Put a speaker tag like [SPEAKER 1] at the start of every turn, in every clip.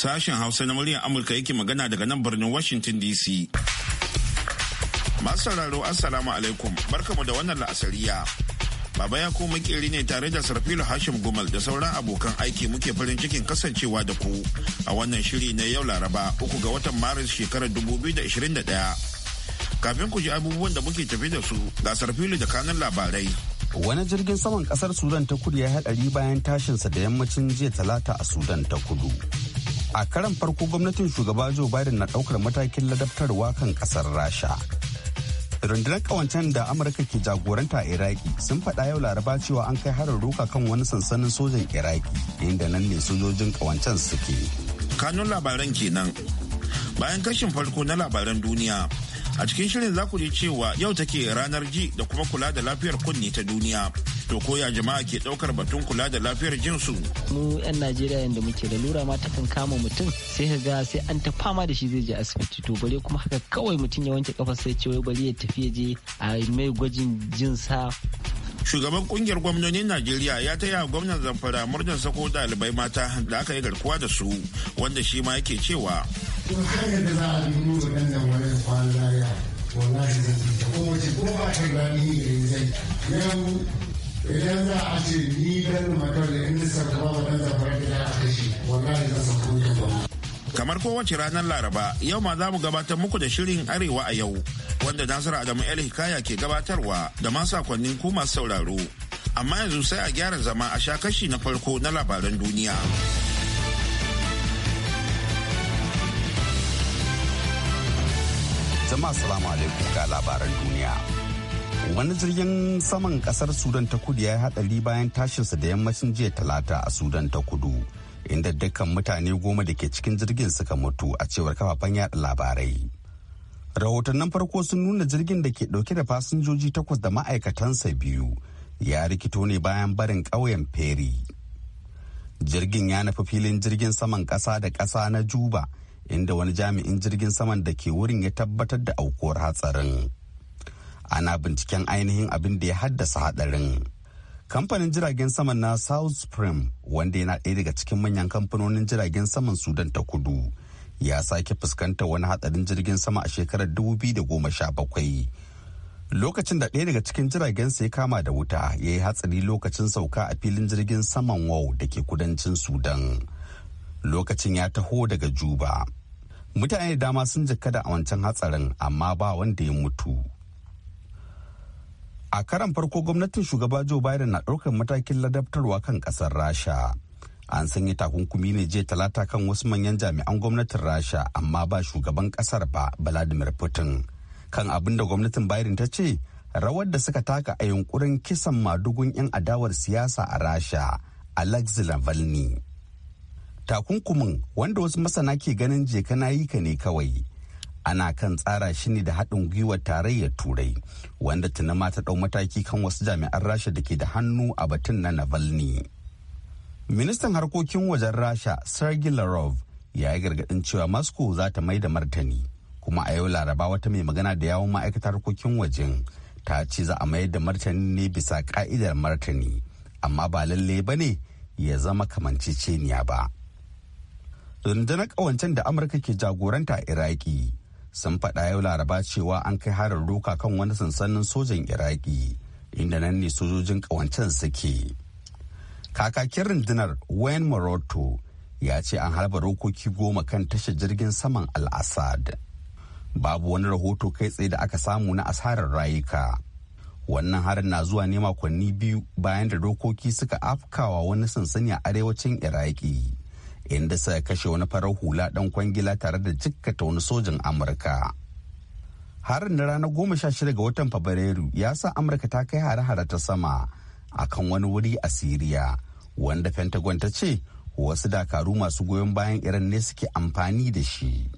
[SPEAKER 1] Sashen Hausa na muryar Amurka yake magana daga nan birnin Washington DC. Masu sauraro Assalamu alaikum barkamu da wannan la'asariya. Baba ya ko makeri ne tare da Sarfilu Hashim Gumal da sauran abokan aiki muke farin cikin kasancewa da ku a wannan shiri na yau Laraba uku ga watan Maris shekarar 2021. kafin ku ji abubuwan da muke tafi da su ga fili da kanan labarai.
[SPEAKER 2] Wani jirgin saman kasar Sudan ta kudu ya haɗari bayan tashinsa da yammacin jiya talata a Sudan ta kudu. a karan farko gwamnatin shugaba joe biden na daukar matakin ladabtarwa kan kasar rasha rundunar kawancen da amurka ke jagoranta a iraki sun faɗa yau laraba cewa an kai harin ruka kan wani sansanin sojan iraki inda nan ne sojojin kawancen suke
[SPEAKER 1] kanun labaran kenan bayan kashin farko na labaran duniya a cikin shirin za ku ji cewa yau take ranar ji da kuma kula da lafiyar kunne ta duniya To koya jama'a ke daukar batun kula da lafiyar jinsu.
[SPEAKER 3] Mu 'yan Najeriya yadda muke da lura ma takan kama mutum sai ka ga sai an ta fama da shi zai je asibiti to bare kuma haka kawai mutum ya wanke kafa sai ce wai ya tafi ya je a mai gwajin jinsa.
[SPEAKER 1] Shugaban kungiyar gwamnonin Najeriya ya taya gwamnan zamfara murnar sako ɗalibai mata da aka yi garkuwa da su wanda shi ma yake cewa.
[SPEAKER 4] wallahi zai ko ko ba ta gani zai yau idan za a ce ni dan makar da in nisa kuma ba dan zafara da a kashi wallahi za su kuma ba.
[SPEAKER 1] kamar kowace ranar laraba
[SPEAKER 4] yau ma za mu gabatar muku da shirin
[SPEAKER 1] arewa a yau wanda nasiru adamu el hikaya ke gabatarwa da masu akwannin ku masu sauraro amma yanzu sai a gyara zama a sha kashi na farko na labaran duniya.
[SPEAKER 2] jama'a salamu alaikum ga labaran duniya wani jirgin saman kasar sudan ta kudu ya yi hadari bayan tashinsa da yammacin jiya talata a sudan ta kudu inda dukkan mutane goma da ke cikin jirgin suka mutu a cewar kafafen yada labarai rahotannin farko sun nuna jirgin da ke dauke da fasinjoji takwas da ma'aikatansa biyu ya rikito ne bayan barin ƙauyen peri jirgin ya nufi filin jirgin saman ƙasa da ƙasa na juba inda wani jami'in jirgin saman da ke wurin ya tabbatar da aukuwar hatsarin. ana binciken ainihin abin da ya haddasa hadarin. Kamfanin jiragen saman na South Spring, wanda yana ɗaya daga cikin manyan kamfanonin jiragen saman Sudan ta kudu ya sake fuskanta wani hatsarin jirgin sama a shekarar 2017. Lokacin da ɗaya daga cikin jiragen ya kama da wuta ya yi hatsari lokacin sauka a filin jirgin saman wau da ke kudancin Sudan. Lokacin ya taho daga Juba. Mutane da dama sun da a wancan hatsarin amma ba wanda ya mutu. a karan farko gwamnatin shugaba joe biden na ɗaukar matakin ladabtarwa kan ƙasar rasha an sanya takunkumi ne jiya talata kan wasu manyan jami'an gwamnatin rasha amma ba shugaban ƙasar ba vladimir putin kan abin da gwamnatin biden ta ce rawar da suka taka a yunkurin kisan madugun 'yan adawar siyasa a rasha alexei navalny takunkumin wanda wasu masana ke ganin jeka na yi ka ne kawai ana kan tsara shi ne da haɗin gwiwar tarayyar turai wanda tuna ma ta ɗau mataki kan wasu jami'an rasha da ke da hannu a batun na navalny ministan harkokin wajen rasha sergei larov ya yi gargaɗin cewa moscow za ta mai da martani kuma a yau laraba wata mai magana da yawon ma'aikatar harkokin wajen ta ce za a mayar da martani ne bisa ka'idar martani amma ba lalle ba ne ya zama kamanceceniya ba rundunar ƙawancen da amurka ke jagoranta a iraki sun faɗa yau laraba cewa an kai harin ruka kan wani sansanin sojan iraki inda nan ne sojojin ƙawancen suke kakakin rundunar wayne Maroto, ya ce an harba rokoki goma kan tashar jirgin saman al babu wani rahoto kai tsaye da aka samu na asarar rayuka wannan harin na zuwa ne makonni biyu bayan da dokoki suka afkawa wani sansani a arewacin iraki inda suka kashe wani farar hula dan kwangila tare da jikkata wani sojin amurka harin na ranar goma sha shida ga watan fabrairu ya sa amurka ta kai hare-hare ta sama akan wani wuri a siriya wanda pentagon ta ce wasu dakaru masu goyon bayan iran ne suke amfani da shi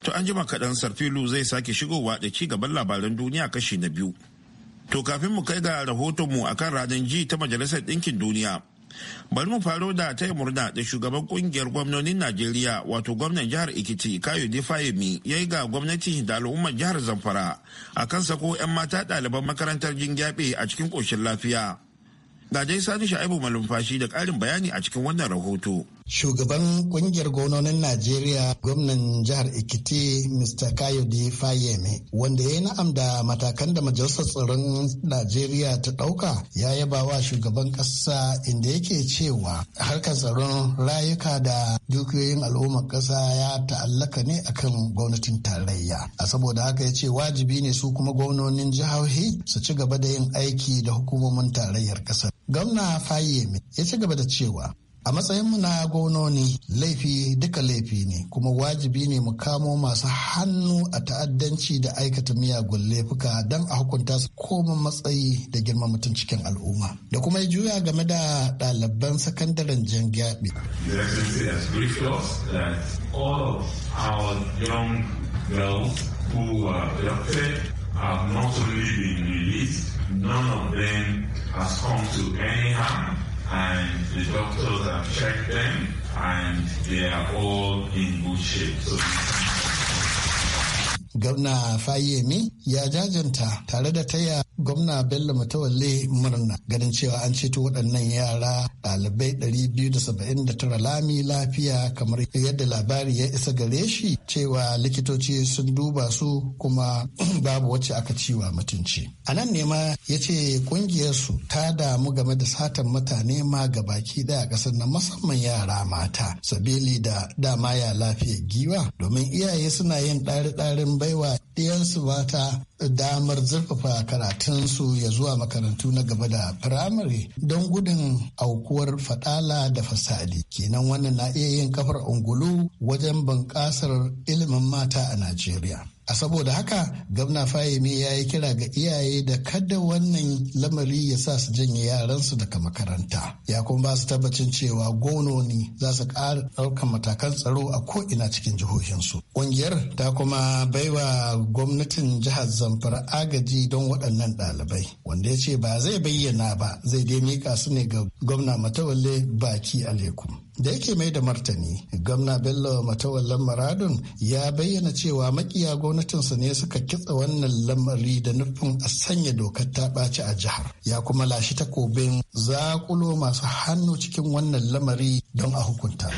[SPEAKER 1] to an jima kaɗan sarfilu zai sake shigowa da ci gaban labaran duniya kashi na biyu To kafin mu kai ga rahoton rahotonmu akan ranar ji ta Majalisar Ɗinkin Duniya. Bari mu faro da ta murna da shugaban kungiyar gwamnonin Najeriya wato gwamnan jihar Ikiti kayo Fayemi ya yi ga gwamnati da al'ummar jihar Zamfara a kan sako 'yan mata ɗaliban makarantar jingyaɓe a cikin ƙoshin lafiya. Ga dai Sani Sha'ibu Malumfashi da ƙarin bayani a cikin wannan rahoto.
[SPEAKER 5] Shugaban kungiyar gwamnonin Najeriya gwamnan jihar Ekiti Mr. Kayode Fayeme wanda ya yi na'am da matakan da majalisar tsaron Najeriya ta ɗauka ya yaba wa shugaban ƙasa inda yake cewa harkar tsaron rayuka da dukiyoyin al'ummar ƙasa ya ta'allaka ne akan gwamnatin tarayya. A saboda haka ya ce wajibi ne su kuma gwamnonin jihohi su ci gaba da yin aiki da hukumomin tarayyar ƙasar. Gwamna Fayeme ya ci gaba da cewa A matsayin matsayinmu na gononi laifi duka laifi ne kuma wajibi ne mu kamo masu hannu a ta'addanci da aikata miyagun laifuka don a hukunta su koma matsayi da girma mutum cikin al'umma. Da kuma ya juya game da ɗaliban sakandaren jan gyaɓe.
[SPEAKER 1] have not really been released, none of them has come to any harm. and the doctors have checked them, and they are all
[SPEAKER 6] in good shape. So
[SPEAKER 5] Gwamna Fayemi ya jajanta tare da taya gwamna Bello Matawalle murna ganin cewa an ceto waɗannan yara ɗalibai 279 lami lafiya kamar yadda labari ya isa gare shi cewa likitoci sun duba su kuma babu wacce aka ciwa mutunci. A nan ne ma ya ce ƙungiyarsu ta damu game da satan mutane ma baki daya ƙasar na musamman yara mata sabili da dama ya lafiyar giwa domin iyaye suna yin ɗari-ɗarin baiwa ɗiyansu mata damar zurfafa karatunsu ya zuwa makarantu na gaba da firamare don gudun aukuwar fadala da fasadi kenan wannan na iya yin kafar ungulu wajen bunƙasar ilimin mata a najeriya a saboda haka gwamna fayemi ya yi kira ga iyaye da kada wannan lamari ya sa su janye yaransu daga makaranta ya kuma ba su tabbacin cewa gononi za su ƙara ɗaukar matakan tsaro a ko'ina cikin jihohinsu ƙungiyar ta kuma baiwa gwamnatin jihar zamfara agaji don waɗannan ɗalibai wanda ya ce ba zai bayyana ba zai dai mika su ne ga gwamna matawalle baki alekum da yake mai da martani gwamna bello matawallan maradun ya bayyana cewa makiya gwamnatinsa ne suka kitsa wannan lamari da nufin a sanya dokar ta ɓaci a jihar ya kuma lashi takobin zakulo masu hannu cikin wannan lamari don a hukunta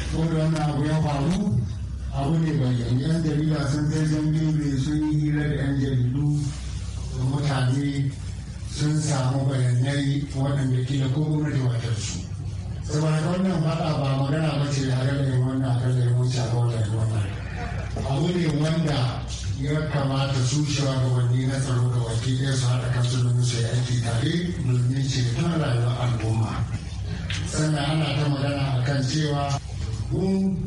[SPEAKER 4] abu ne bayan. yan jarida sun kai zambi sun yi hira da yan jaridu da mutane sun samu bayanai waɗanda ke da ko gwamnati watar su saboda wannan faɗa ba magana ba ce a ganin wannan wuce wannan abu ne wanda ya kamata su shugabanni na tsaro da wakilai su haɗa kansu domin su yi aiki tare domin ceton rayuwar al'umma sannan ana ta magana a kan cewa mun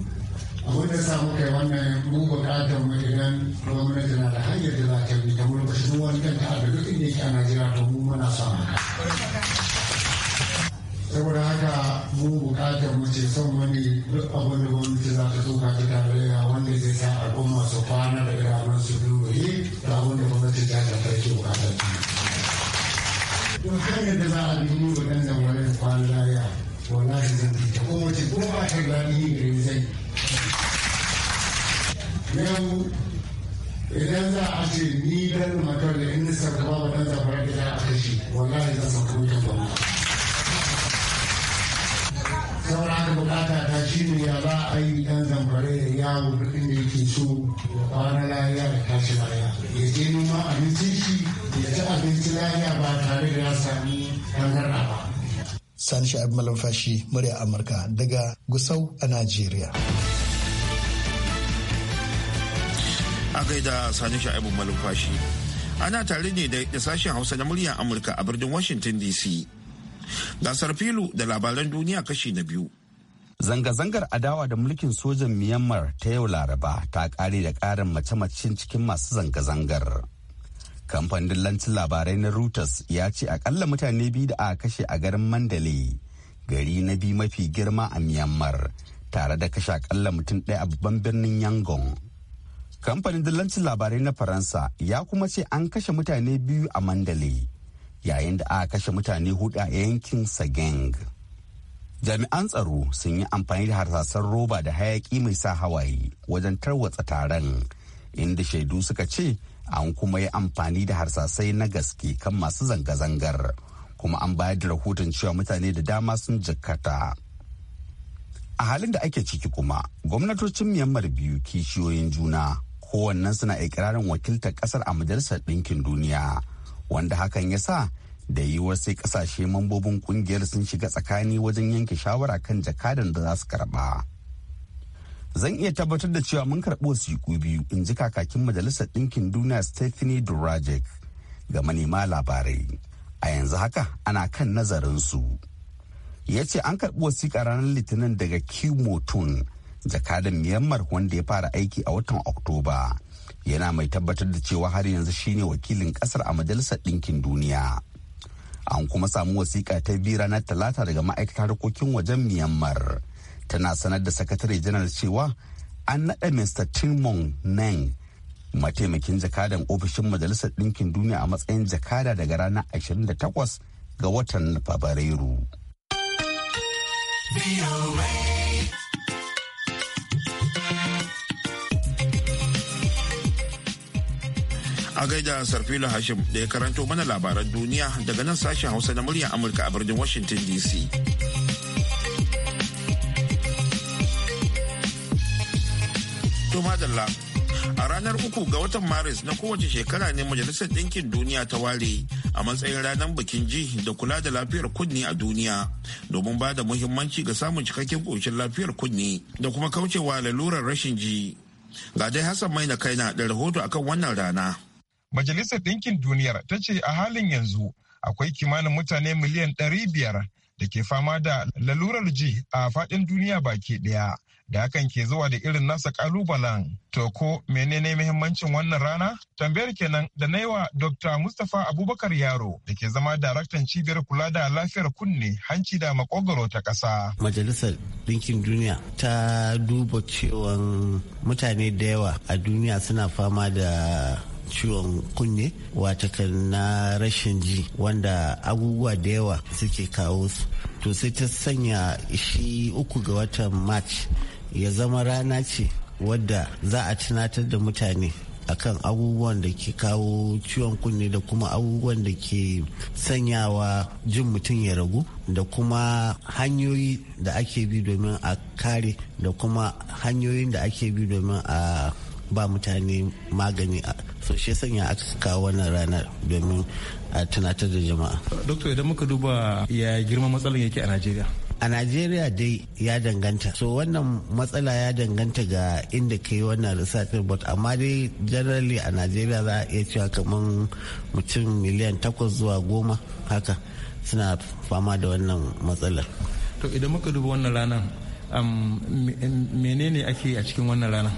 [SPEAKER 4] abin da samu kai wannan mun buƙatar mu idan gwamnati na da hanyar da za ta bi ta mulkashi wani kanta a duk inda yake a najeriya to mu muna samun haka saboda haka mu bukatar mu ce son wani duk abin da gwamnati za ta tuka ta tarayya wanda zai sa al'umma su kwana da gaban su biyu da abin da gwamnati ta tafarki bukatar ta. Don hanyar da za a bi mu ga ɗan zamani da kwana lafiya wallahi zan bi ta kuma ce kuma ba ta gani gari zai. Yau idan za a ce ni dan matar da inda nisa ba dan zafara da za a kashe wallahi zan sauka mutum ba. bukata ta shi ne ya ba a yi dan zamfare da yawon rikin da yake so ya kwana lafiya da tashi lafiya ya je neman abincin shi ya ci abincin lafiya ba tare da ya sami tangarɗa ba.
[SPEAKER 5] Sani Sha'ib Malamfashi, murya Amurka daga Gusau a Najeriya.
[SPEAKER 1] a gaida sani sha'ibu Malamfashi, ana tare ne da sashen hausa na murya amurka a birnin washington dc gasar filu da
[SPEAKER 2] labaran duniya kashi na biyu Zanga-zangar adawa da mulkin sojan Myanmar ta yau Laraba ta ƙare da ƙarin mace-macen cikin masu zanga-zangar. Kamfanin lancin labarai na Reuters ya ce akalla mutane biyu da aka kashe a garin Mandalay, gari na biyu mafi girma a Myanmar, tare da kashe akalla mutum ɗaya a babban birnin Yangon. Kamfanin dillancin labarai na Faransa ya kuma ce an kashe mutane biyu a Mandalay, yayin da aka kashe mutane hudu a yankin Sageng. jami'an tsaro sun yi amfani da harsasan roba da hayaki mai sa hawaye wajen tarwatsa taron inda shaidu suka ce an kuma yi amfani da harsasai na gaske kan masu zanga-zangar kuma an bayar da rahoton cewa mutane da dama sun jikkata a halin da ake ciki kuma gwamnatocin myanmar biyu kishiyoyin juna kowannen suna ikirarin wakiltar kasar a majalisar ɗinkin duniya wanda hakan ya sa da yiwuwar sai kasashe mambobin kungiyar sun shiga tsakani wajen yanke shawara kan jakadan da za su karba. Zan iya tabbatar da cewa mun karɓi wasiƙu biyu in ji kakakin Majalisar Ɗinkin Duniya Stephanie Durajek ga manema labarai. A yanzu haka ana kan nazarin su. Ya ce an karɓi wasiƙa ranar Litinin daga Kimotun, jakadan Myanmar wanda ya fara aiki a watan Oktoba. Yana mai tabbatar da cewa har yanzu shine wakilin ƙasar a Majalisar Ɗinkin Duniya. an kuma samu wasiƙa ta biyu ranar talata daga ma'aikatar harkokin wajen myanmar tana sanar da sakatare janar cewa an naɗa mr timon neng mataimakin jakadan ofishin majalisar ɗinkin duniya a matsayin jakada daga ranar 28 ga watan fabrairu.
[SPEAKER 1] A gaida Sarfilo Hashim da ya karanto mana labaran duniya daga nan sashen Hausa na muryar Amurka a birnin Washington DC. a ranar uku ga watan maris na kowace shekara ne majalisar ɗinkin duniya ta ware a matsayin ranar bikin ji da kula da lafiyar kunni a duniya domin ba da muhimmanci ga samun cikakken ƙoshin lafiyar kunni da kuma kaucewa lalurar rashin ji ga dai hassan mai na kaina da rahoto akan wannan rana
[SPEAKER 7] Majalisar Ɗinkin Duniyar ta ce a halin yanzu akwai kimanin mutane miliyan ɗari biyar da ke fama da lalurar ji a faɗin duniya baki ɗaya da hakan ke zuwa da irin nasa ƙalubalen. To ko menene muhimmancin wannan rana? Tambayar kenan da na wa Dr. Mustapha Abubakar Yaro da ke zama daraktan cibiyar kula da lafiyar kunne hanci da makogoro ta ƙasa.
[SPEAKER 3] Majalisar Ɗinkin Duniya ta duba cewa mutane da yawa a duniya suna fama da ciwon kunne wata na rashin ji wanda abubuwa da yawa suke kawo su to sai ta sanya shi uku ga watan march ya zama rana ce wadda za a tunatar da mutane akan abubuwan da ke kawo ciwon kunne da kuma abubuwan da ke sanyawa jin mutum ya ragu da kuma hanyoyi da ake bi domin a kare da kuma hanyoyin da ake bi domin a ba mutane magani so shi sanya aka kawo wannan ranar domin a tunatar da jama'a doktor idan muka duba ya girma matsalar yake a najeriya a najeriya dai ya danganta so wannan matsala ya danganta ga inda ka yi wannan risafin but amma dai generally a najeriya za a iya cewa kamar mutum miliyan takwas zuwa goma haka suna fama da wannan matsalar
[SPEAKER 7] to idan muka duba wannan ranar menene ake a cikin wannan ranar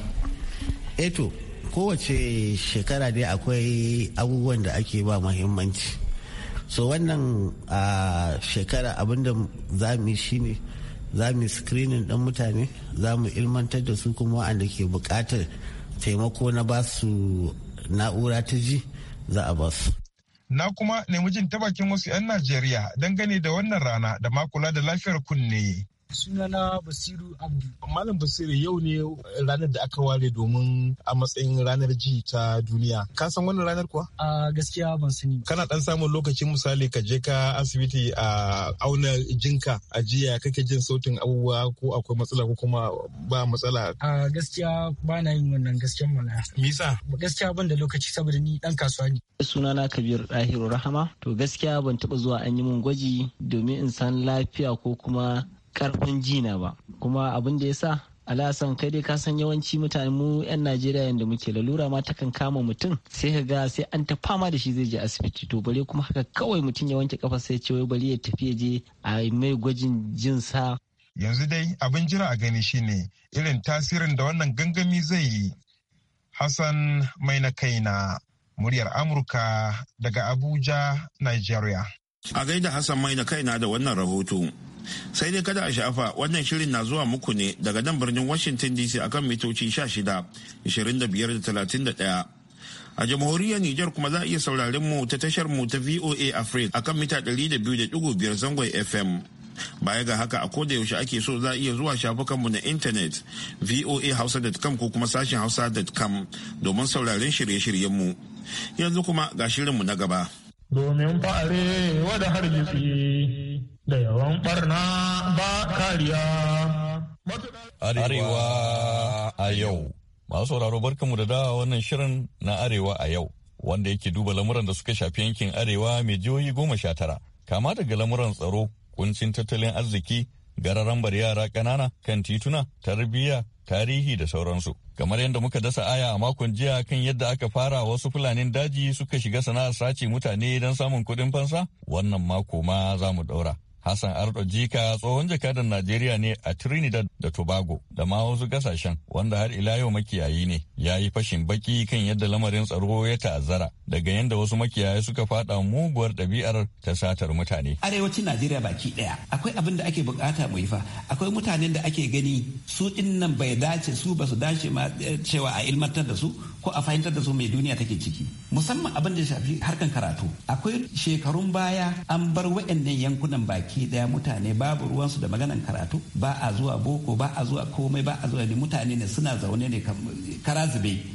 [SPEAKER 3] eto eh kowace shekara dai akwai abubuwan da ake ba mahimmanci so wannan a shekara abinda za mu shine za mu screening ɗan mutane za mu ilmantar da su kuma waɗanda ke buƙatar taimako na ba su na'ura ta ji za a ba su
[SPEAKER 7] na kuma nemi jin ta bakin wasu 'yan najeriya dangane da wannan rana da makula da lafiyar kunne sunana basiru abdu malam basiru yau ne ranar da aka ware domin a matsayin ranar ji ta duniya ka san wannan ranar kuwa a gaskiya ban sani kana dan samun lokacin misali ka je ka asibiti a auna jinka a jiya kake jin sautin abubuwa ko akwai matsala ko kuma ba matsala
[SPEAKER 6] a gaskiya ba na yin wannan gaskiya. mana misa gaskiya ban da lokaci saboda ni dan kasuwa ne
[SPEAKER 3] sunana kabir dahiru rahama to gaskiya ban taba zuwa an yi mun gwaji domin in san lafiya ko kuma karfin jina ba kuma abin da ya sa alasan kai dai ka san yawanci mutane mu 'yan najeriya yadda muke lalura ma takan kama mutum sai ka ga sai an ta fama da shi zai je asibiti to bare kuma haka kawai mutum ya wanke kafa sai ce wai bari ya tafi ya je a mai gwajin jinsa
[SPEAKER 7] yanzu dai abin jira a gani shine irin tasirin da wannan gangami zai yi hassan mai na kaina muryar amurka daga abuja nigeria
[SPEAKER 1] a gaida hassan mai na kaina da wannan rahoto sai dai kada a sha'afa wannan shirin na zuwa muku ne daga nan birnin washington dc akan mitoci 16 25 a jamhuriyar niger kuma za a iya sauraren mu ta tashar mu ta voa africa akan mita 200.5 zangon fm baya ga haka a koda yaushe ake so za a iya zuwa shafukanmu na intanet voa voahausa.com ko kuma sashen hausa.com domin sauraren shirye-shiryenmu yanzu kuma ga shirinmu na
[SPEAKER 6] gaba
[SPEAKER 7] domin fa'are wada da yawan barna
[SPEAKER 8] ba kariya.
[SPEAKER 6] Arewa a yau. Masu sauraro barkanmu da dawa wannan shirin na Arewa a yau, wanda yake duba lamuran da suka shafi yankin Arewa mai jihohi goma sha tara, kama daga lamuran tsaro, kuncin tattalin arziki, gararambar yara ƙanana kan tituna tarbiyya tarihi da sauransu kamar yadda muka dasa aya a makon jiya kan yadda aka fara wasu fulanin daji suka shiga sana'ar sace mutane don samun kuɗin fansa wannan mako ma za mu ɗaura Hassan Ardo Jika tsohon jakadan Najeriya ne a Trinidad da Tobago da ma wasu kasashen wanda har ila yau makiyayi ne ya yi fashin baki kan yadda lamarin tsaro ya ta'azzara daga yadda wasu makiyaya suka fada muguwar ɗabi'ar ta satar mutane. Arewacin Najeriya baki ɗaya
[SPEAKER 9] akwai abin da ake bukata mu yi fa akwai mutanen da ake gani su ɗin nan bai dace su ba su dace ma eh, cewa a ilmantar da su ko a fahimtar da su mai duniya take ciki musamman abin da shafi harkan karatu akwai shekarun baya an bar waɗannan yankunan baki baki daya mutane babu ruwansu da maganan karatu ba a zuwa boko ba a zuwa komai ba a zuwa ne mutane ne suna zaune ne kara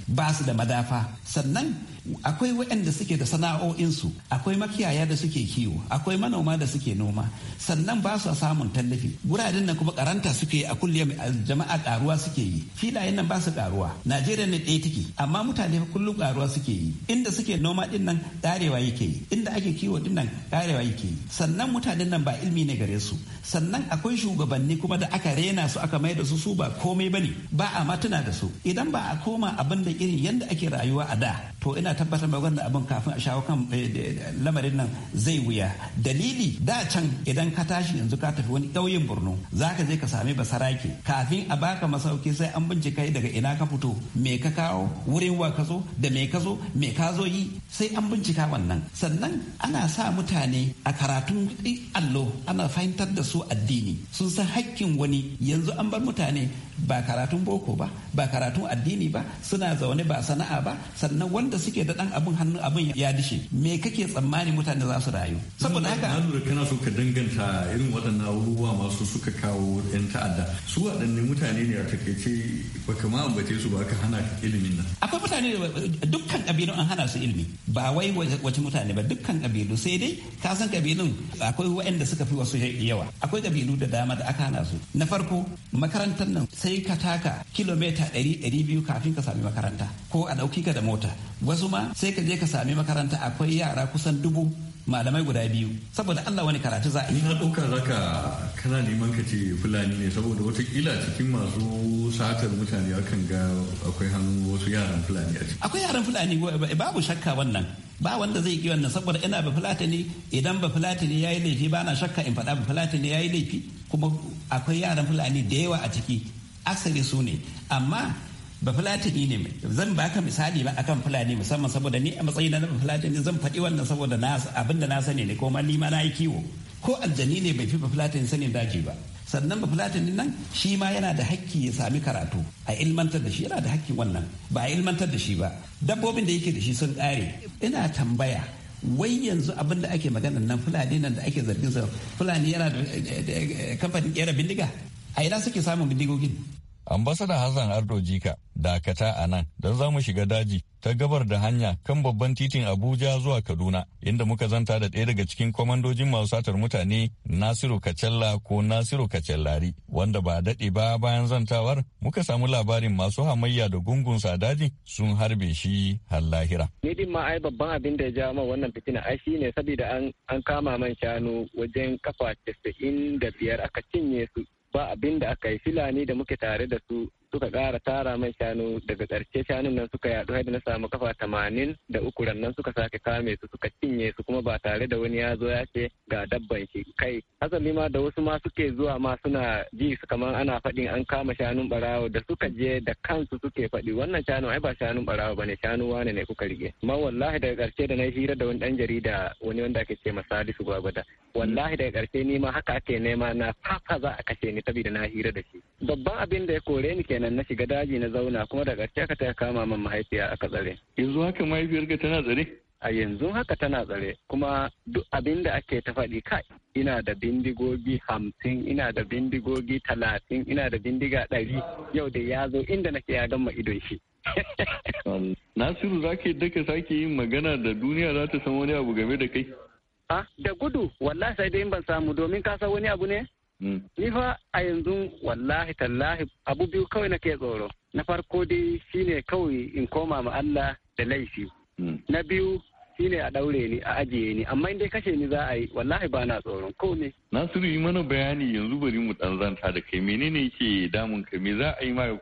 [SPEAKER 9] ba su da madafa sannan akwai waɗanda suke da sana'o'insu akwai makiyaya da suke kiwo akwai manoma da suke noma sannan ba su samun tallafi wuraren nan kuma karanta suke a kulliyar jama'a karuwa suke yi filayen nan ba su karuwa najeriya ne ɗaya take amma mutane kullum karuwa suke yi inda suke noma din nan karewa yake yi inda ake kiwo din nan karewa yake yi sannan mutanen nan ba ilimi ne gare su sannan akwai shugabanni kuma da aka rena su aka mai da su su ba komai bane ba a matuna da su idan ba a koma abin da irin yadda ake rayuwa a da to ina tabbatar mai wannan abin kafin a shawo kan eh, lamarin nan zai wuya dalili da can idan ka tashi yanzu ka tafi wani ƙauyen borno za ka je ka sami basarake kafin a baka masauki sai an bincika daga ina ka fito me ka kawo wurin wa ka zo da me ka zo me ka zo yi sai an bincika wannan sannan ana sa mutane a karatun allo ana fahimtar da su addini sun san hakkin wani yanzu an bar mutane ba karatun boko ba ba karatun addini ba suna zaune ba sana'a ba sannan wanda suke da dan abin hannu abin ya dishe me kake tsammani mutane za su rayu
[SPEAKER 6] saboda haka na lura kana so ka danganta irin waɗannan abubuwa masu suka kawo yan ta'adda su waɗanne mutane ne a takaice baka ma ambace su ba ka hana ka ilimin nan akwai mutane dukkan kabilu an hana su ilimi ba wai wace mutane
[SPEAKER 9] ba dukkan kabilu sai dai ka san kabilun akwai waɗanda suka fi wasu yawa akwai kabilu da dama da aka hana su na farko makarantar nan sai ka taka kilomita ɗari ɗari biyu kafin ka sami makaranta ko a ɗauki ka da mota wasu ma sai ka je ka sami makaranta akwai yara kusan dubu
[SPEAKER 6] malamai guda biyu saboda Allah wani karatu za a yi. Ina ɗauka zaka kana neman ka ce fulani ne saboda watakila cikin masu satar mutane akan ga akwai hannu wasu yaran fulani a ciki. Akwai yaran fulani babu shakka wannan ba wanda zai yi wannan
[SPEAKER 9] saboda ina ba fulatani idan ba fulatani ya yi laifi bana shakka in faɗa ba fulatani ya yi laifi kuma akwai yaran fulani da yawa a ciki asali su ne amma ba fulatani ne zan baka misali ba akan fulani musamman saboda ni a matsayin na ba fulatani zan faɗi wannan saboda abin da na sani ne ko ma ni ma na yi kiwo ko aljani ne bai fi ba fulatani sanin daji ba sannan ba fulatani nan shi ma yana da hakki ya sami karatu a ilmantar da shi yana da hakki wannan ba a ilmantar da shi ba dabbobin da yake da shi sun ƙare ina tambaya wai yanzu abin da ake magana nan fulani nan da ake zargin sa fulani yana da eh, eh, eh,
[SPEAKER 6] kamfanin kera bindiga a ina suke samun bindigogin ambasada hassan ardo jika dakata a nan don za mu shiga daji ta gabar da hanya kan babban titin abuja zuwa kaduna inda muka zanta da ɗaya daga cikin kwamandojin masu satar mutane nasiru kacella ko nasiru kacellari wanda ba daɗe ba bayan zantawar muka samu labarin masu hamayya da gungun daji sun harbe shi har lahira.
[SPEAKER 10] ni din ma ai babban abin da ya ja ma wannan fitina ai shi ne saboda an kama man shanu wajen kafa casa'in aka cinye su ba abin da aka yi filani da muke tare da su suka ƙara tara mai shanu daga ƙarshe shanun nan suka yaɗu har na samu kafa tamanin da uku rannan suka sake kame su suka cinye su kuma ba tare da wani ya zo ya ce ga dabban shi kai asali ma da wasu ma suke zuwa ma suna ji su kamar ana faɗin an kama shanun ɓarawo da suka je da kansu suke faɗi wannan shanu ai ba shanun ɓarawo bane shanu wane ne kuka rige amma wallahi daga ƙarshe da na hira da wani ɗan jarida wani wanda ake ce masalisu gwagwada wallahi daga ƙarshe ni ma haka ake nema na fafa za a kashe ni saboda na hira da shi babban abin da ya kore ni ke kenan na shiga daji na zauna kuma da ƙarshe aka ta kama min mahaifiya aka tsare.
[SPEAKER 6] Yanzu haka mahaifiyar mahaifiyarka tana tsare? A yanzu haka tana
[SPEAKER 10] tsare kuma duk abin da ake ta faɗi kai ina da bindigogi hamsin ina da bindigogi talatin ina da bindiga ɗari yau da ya zo inda nake ya gama idon
[SPEAKER 6] shi. Nasiru za ka yadda sake yin magana da duniya za ta san wani abu game da kai?
[SPEAKER 10] Ah, da gudu, wallahi sai dai in ban samu domin ka san wani abu ne? Mm. Ni fa a yanzu wallahi tallahi abu biyu kawai na ke tsoro. Na farko dai shine kawai in koma ma Allah da laifi. Mm. Na biyu shine a daure ni a ajiye ni amma in dai kashe ni za a yi wallahi ba na tsoron ko ne.
[SPEAKER 6] Nasiru yi mana bayani yanzu bari mu dan zanta da kai menene yake damun ka me za a yi ma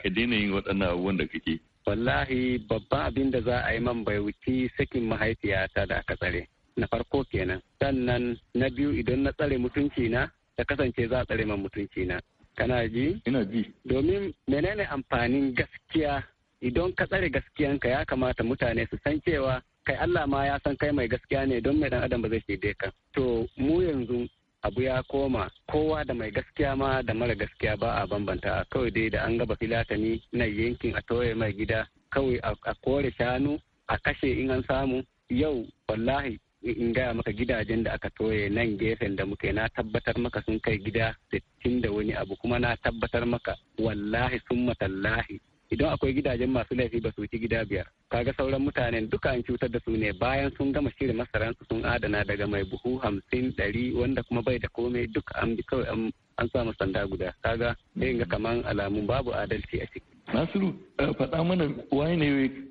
[SPEAKER 6] ka daina yin waɗannan abubuwan da kake.
[SPEAKER 10] Wallahi babban abin da za a yi man bai wuci sakin mahaifiyata da aka tsare. Na farko kenan. Sannan na biyu idan na tsare mutunci na ta kasance za a tsare man mutunci na kana ji ina ji domin menene amfanin gaskiya idan ka tsare gaskiyanka ya kamata mutane su san cewa kai Allah ma ya san kai mai gaskiya ne don mai dan adam ba zai shaide ka to mu yanzu abu ya koma kowa da mai gaskiya ma da mara gaskiya ba a bambanta kawai dai da an gaba filatani na yankin a toye mai gida kawai a kore shanu a kashe in an samu yau wallahi in gaya maka gidajen da aka toye nan gefen da muke na tabbatar maka sun kai gida sittin da wani abu kuma na tabbatar maka wallahi sun matallahi idan akwai gidajen masu laifi ba su ci gida biyar kaga sauran mutanen duka an cutar da su ne bayan sun gama shiri masaransu sun adana daga mai buhu hamsin ɗari wanda kuma bai da komai duk an bi kawai
[SPEAKER 6] an samu sanda guda kaga zai ga kaman alamun babu adalci a ciki nasiru eh, faɗa mana waye ne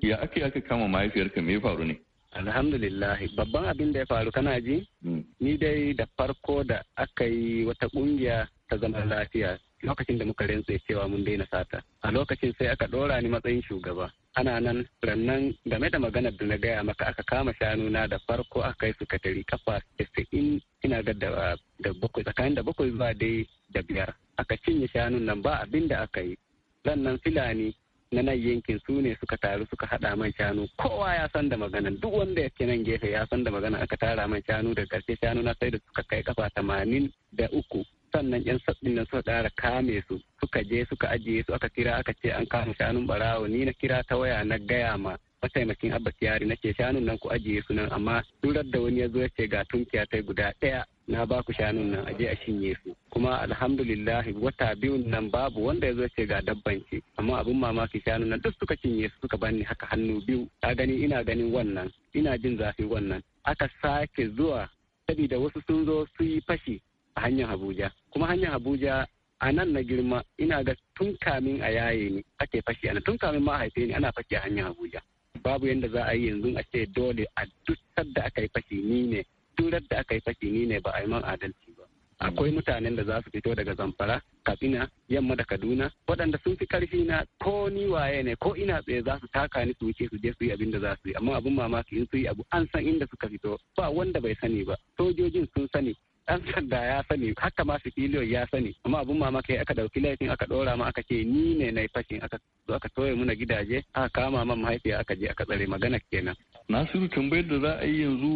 [SPEAKER 6] ya aka aka kama mahaifiyarka me faru ne Alhamdulillah
[SPEAKER 10] babban abin da ya faru kana ji? Hmm. Ni dai da farko da aka yi wata kungiya ta zama lafiya lokacin da muka rantse cewa mun daina sata. A lokacin sai aka ɗora ni matsayin shugaba. Ana nan rannan game da maganar da na gaya maka aka kama shanu na da farko aka yi sukatari kafa 90 ina ga da bakwai tsakanin da bakwai zuwa dai da biyar. Aka cinye shanun nan ba abin da aka yi. Sannan Fulani na nan yankin su ne suka taru suka haɗa man shanu kowa ya san da magana duk wanda ya yake nan gefe ya san da magana aka tara man shanu da karshe shanu na sai da suka kai kafa tamanin da uku sannan yan sabbin nan suka ƙara kame su suka je suka ajiye su aka kira aka ce an kama shanun barawo ni na kira ta waya na gaya ma mataimakin abba tiyari na ce shanun nan ku ajiye su nan amma durar da wani ya zo ya ce ga tunkiya ta guda ɗaya na ba ku shanun nan aje a shinye su kuma alhamdulillah wata biyun nan babu wanda ya zo ce ga dabban ce amma abin mamaki shanun nan duk suka cinye su suka bani haka hannu biyu ta gani ina ganin wannan ina jin zafin wannan aka sake zuwa sabida wasu sun zo su yi fashi a hanyar Abuja. Kuma hanyar Abuja a nan na girma ina ga tun kamin a yaye ni ake fashi ana tun kamin ma haife ni ana fashi a hanyar Abuja. Babu yadda za a yi yanzu a ce dole a duk da aka yi fashi ni ne durar da aka yi fashi ni ne ba a yi man adalci ba. Akwai mutanen da za su fito daga Zamfara, Katsina, Yamma da Kaduna, waɗanda sun fi ƙarfi na ko ni waye ne ko ina tsaye za su taka ni su wuce su je su yi abin da za su yi, amma abin mamaki in su yi abu an san inda suka fito ba wanda bai sani ba. Sojojin sun sani, dan sanda ya sani haka ma sifiliyo ya sani amma abun mamaki aka dauki laifin aka dora ma aka ce ni ne na fashin aka zo aka toye muna gidaje aka kama man mahaifiya aka je aka tsare magana kenan
[SPEAKER 6] nasiru tambayar da za a yi yanzu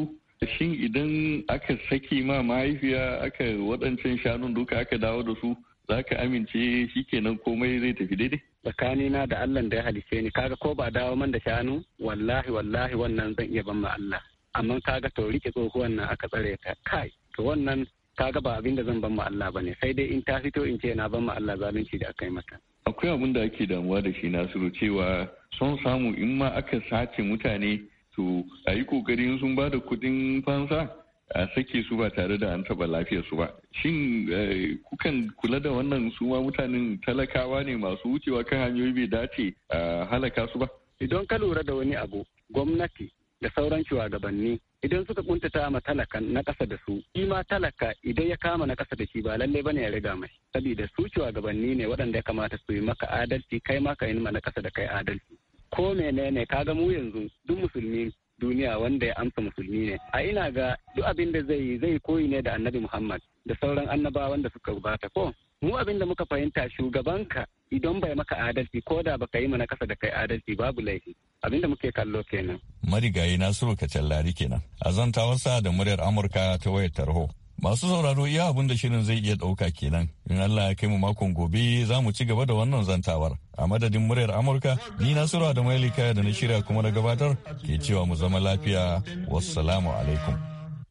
[SPEAKER 6] shin idan aka saki ma mahaifiya aka waɗancan shanun duka aka dawo da su za ka amince shi kenan komai zai tafi daidai tsakani na da Allah da ya halice
[SPEAKER 10] ni kaga ko ba dawo man da shanu wallahi wallahi wannan zan iya ban ma Allah amma kaga to rike tsohuwan nan aka tsare ta kai to wannan kaga ba abin da zan ban ma Allah bane sai dai in ta fito in ce na ban ma Allah zalunci da aka yi mata
[SPEAKER 6] akwai abin da ake damuwa da shi Nasiru cewa son samu in ma aka sace mutane to a yi kokari sun ba da kuɗin fansa a sake su ba tare da an taba lafiyar su ba shin eh, kukan kula da wannan suma mutanen talakawa ne masu wucewa kan hanyoyi bai dace a halaka su ba idan ka lura da wani abu gwamnati da sauran shugabanni idan
[SPEAKER 10] suka kuntata ma talaka na ƙasa da su shi ma talaka idan ya kama na ƙasa da shi ba lallai bane ya riga mai saboda su shugabanni ne waɗanda ya kamata su yi maka adalci kai ma ka yi ma na ƙasa da kai adalci ko menene kaga mu yanzu duk musulmi duniya wanda ya amsa musulmi ne a ina ga duk abin da zai yi zai koyi ne da annabi muhammad da sauran annabawan da suka gabata ko mu abin da muka fahimta shugabanka idan bai maka adalci ko da baka yi mana kasa da kai adalci babu laifi abinda muke kallo kenan.
[SPEAKER 6] Marigayi Nasiru Kacallari kenan. a Azantawarsa da muryar Amurka ta wayar tarho. Masu sauraro iya abin da shirin zai iya ɗauka kenan. In Allah ya kai mu makon gobe za mu ci gaba da wannan zantawar. A madadin muryar Amurka, ni Nasiru da Mailika da na shirya kuma da gabatar ke cewa mu zama lafiya. Wassalamu alaikum.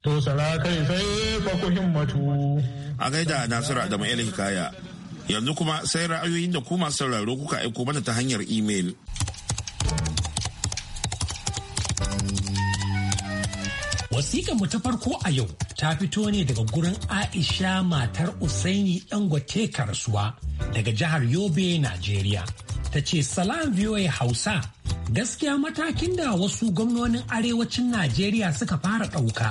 [SPEAKER 1] To sala kai sai fa ku himmatu. A gaida Nasiru Adamu Eli Hikaya. yanzu kuma sai ra'ayoyin da kuma masu sauraro kuka aiko mana ta hanyar imel.
[SPEAKER 8] mu ta farko a yau ta fito ne daga gurin Aisha matar Usaini gwate Karasuwa daga jihar Yobe, Najeriya. Ta ce salam VOA Hausa gaskiya matakin da wasu gwamnonin arewacin Najeriya suka fara ɗauka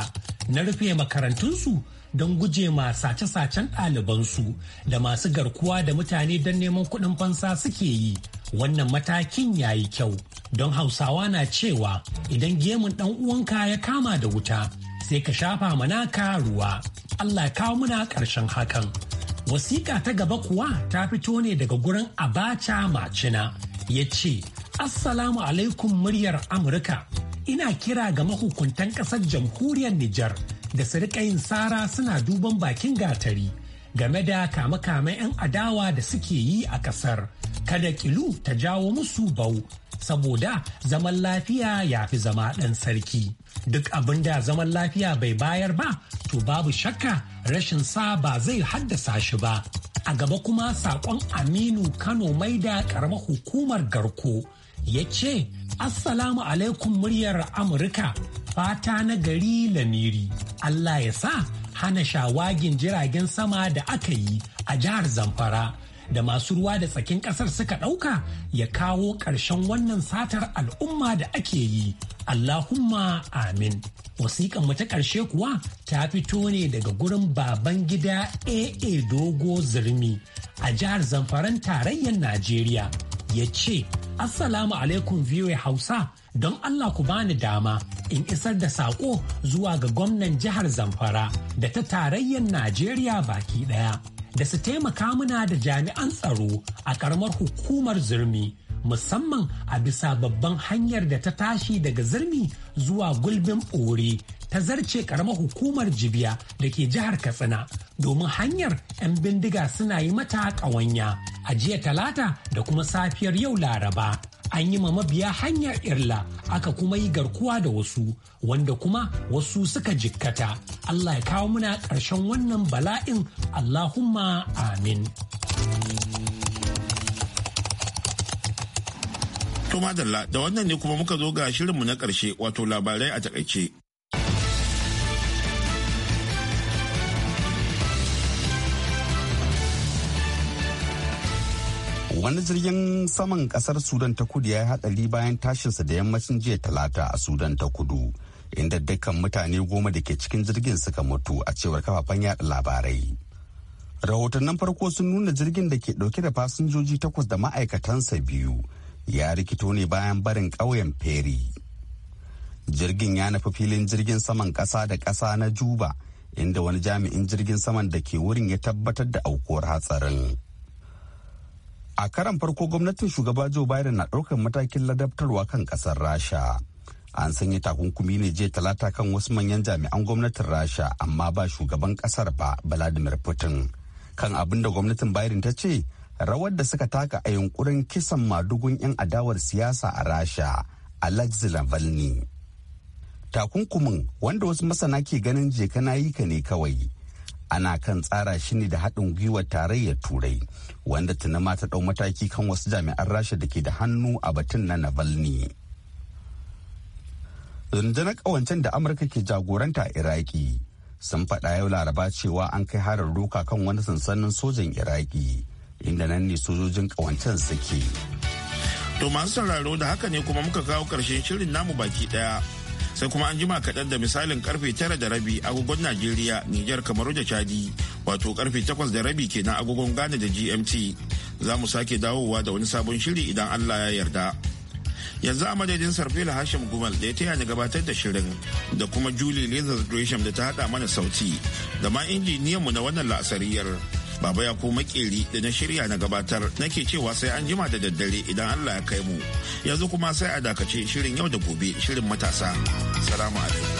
[SPEAKER 8] na rufe makarantunsu don guje ma sace-sacen ɗalibansu da masu garkuwa da mutane don neman kuɗin fansa suke yi wannan matakin ya yi kyau don hausawa na cewa idan gemun ɗan uwanka ya kama da wuta sai ka shafa manaka ruwa allah kawo muna ƙarshen hakan wasiƙa ta gaba kuwa ta fito ne daga gurin abacha macina ya ce assalamu alaikum muryar amurka ina kira ga mahukuntan ƙasar jamhuriyar Nijar da su rika yin sara suna duban bakin gatari game da kama kamen 'yan adawa da suke yi a ƙasar. Kada kilu ta jawo musu bau, saboda zaman lafiya ya fi zama ɗan sarki. Duk abin da zaman lafiya bai bayar ba, to babu shakka rashin sa ba zai haddasa shi ba. A gaba kuma saƙon Aminu Kano mai da ƙaramar hukumar Garko. ya ce assalamu alaikum muryar amurka fata na gari lamiri allah ya sa hana shawagin jiragen sama da aka yi a jihar zamfara da masu ruwa da tsakin kasar suka ɗauka ya kawo ƙarshen wannan satar al'umma da ake yi allahumma amin wasiƙan mu ta ƙarshe kuwa ta fito ne daga gurin baban gida aa dogo zirmi a jihar zamfaran tarayyar najeriya ya ce assalamu alaikum viyoyi hausa don allah ku bani dama in isar da saƙo zuwa ga gwamnan jihar zamfara da ta tarayyar najeriya baki ɗaya da su taimaka muna da jami'an tsaro a ƙaramar hukumar zurmi musamman a bisa babban hanyar da ta tashi daga zirmi zuwa gulbin ɓori ta zarce ƙaramar hukumar jibiya da ke jihar katsina domin hanyar 'yan bindiga suna yi mata ƙawanya a jiya talata da kuma safiyar yau laraba an yi ma mabiya hanyar irla aka kuma yi garkuwa da wasu wanda kuma wasu suka jikkata allah ya kawo muna ƙarshen wannan bala'in allahumma amin
[SPEAKER 1] Tuma da wannan ne kuma muka zo ga shirinmu na ƙarshe wato labarai a takaice
[SPEAKER 2] wani jirgin saman kasar sudan ta kudu ya yi hatsari bayan tashinsa da yammacin jiya talata a sudan ta kudu inda dukkan mutane goma da ke cikin jirgin suka mutu a cewar kafafen yada labarai rahotannin farko sun nuna jirgin da ke dauke da fasinjoji takwas da ma'aikatansa biyu ya rikito ne bayan barin ƙauyen Perry. jirgin ya nufi filin jirgin saman ƙasa da ƙasa na juba inda wani jami'in jirgin saman da ke wurin ya tabbatar da aukuwar hatsarin a karan farko gwamnatin shugaba joe biden na ɗaukar matakin ladabtarwa kan ƙasar rasha an sanya takunkumi ne jiya talata kan wasu manyan jami'an gwamnatin rasha amma ba shugaban ƙasar ba vladimir putin kan abin da gwamnatin biden ta ce rawar da suka taka a yunkurin kisan madugun 'yan adawar siyasa a rasha alexei navalny takunkumin wanda wasu masana ke ganin jeka na yi ka ne kawai ana kan tsara shi ne da haɗin gwiwar tarayyar turai wanda tuna ma ta ɗau mataki kan wasu jami'an rasha da ke da hannu a batun na navalny rundunar ƙawancen da amurka ke jagoranta a iraki sun faɗa yau laraba cewa an kai harin roka kan wani sansanin sojan iraki inda nan ne sojojin ƙawancen suke to masu sauraro
[SPEAKER 1] da haka ne kuma muka kawo ƙarshen shirin namu baki ɗaya sai kuma an jima kaɗan da misalin karfe tara da rabi agogon najeriya niger kamaru da chadi wato karfe takwas da rabi kenan agogon ghana da gmt za mu sake dawowa da wani sabon shiri idan allah ya yarda yanzu a madadin sarfila hashim gumal da ya taya ni gabatar da shirin da kuma julie lizard gresham da ta hada mana sauti da ma injiniyan mu na wannan la'asariyar Baba ya ko makeri da na shirya na gabatar nake cewa sai an jima da daddare idan Allah ya kai mu. Yanzu kuma sai a dakace shirin yau da gobe shirin matasa. Salamu alaikum.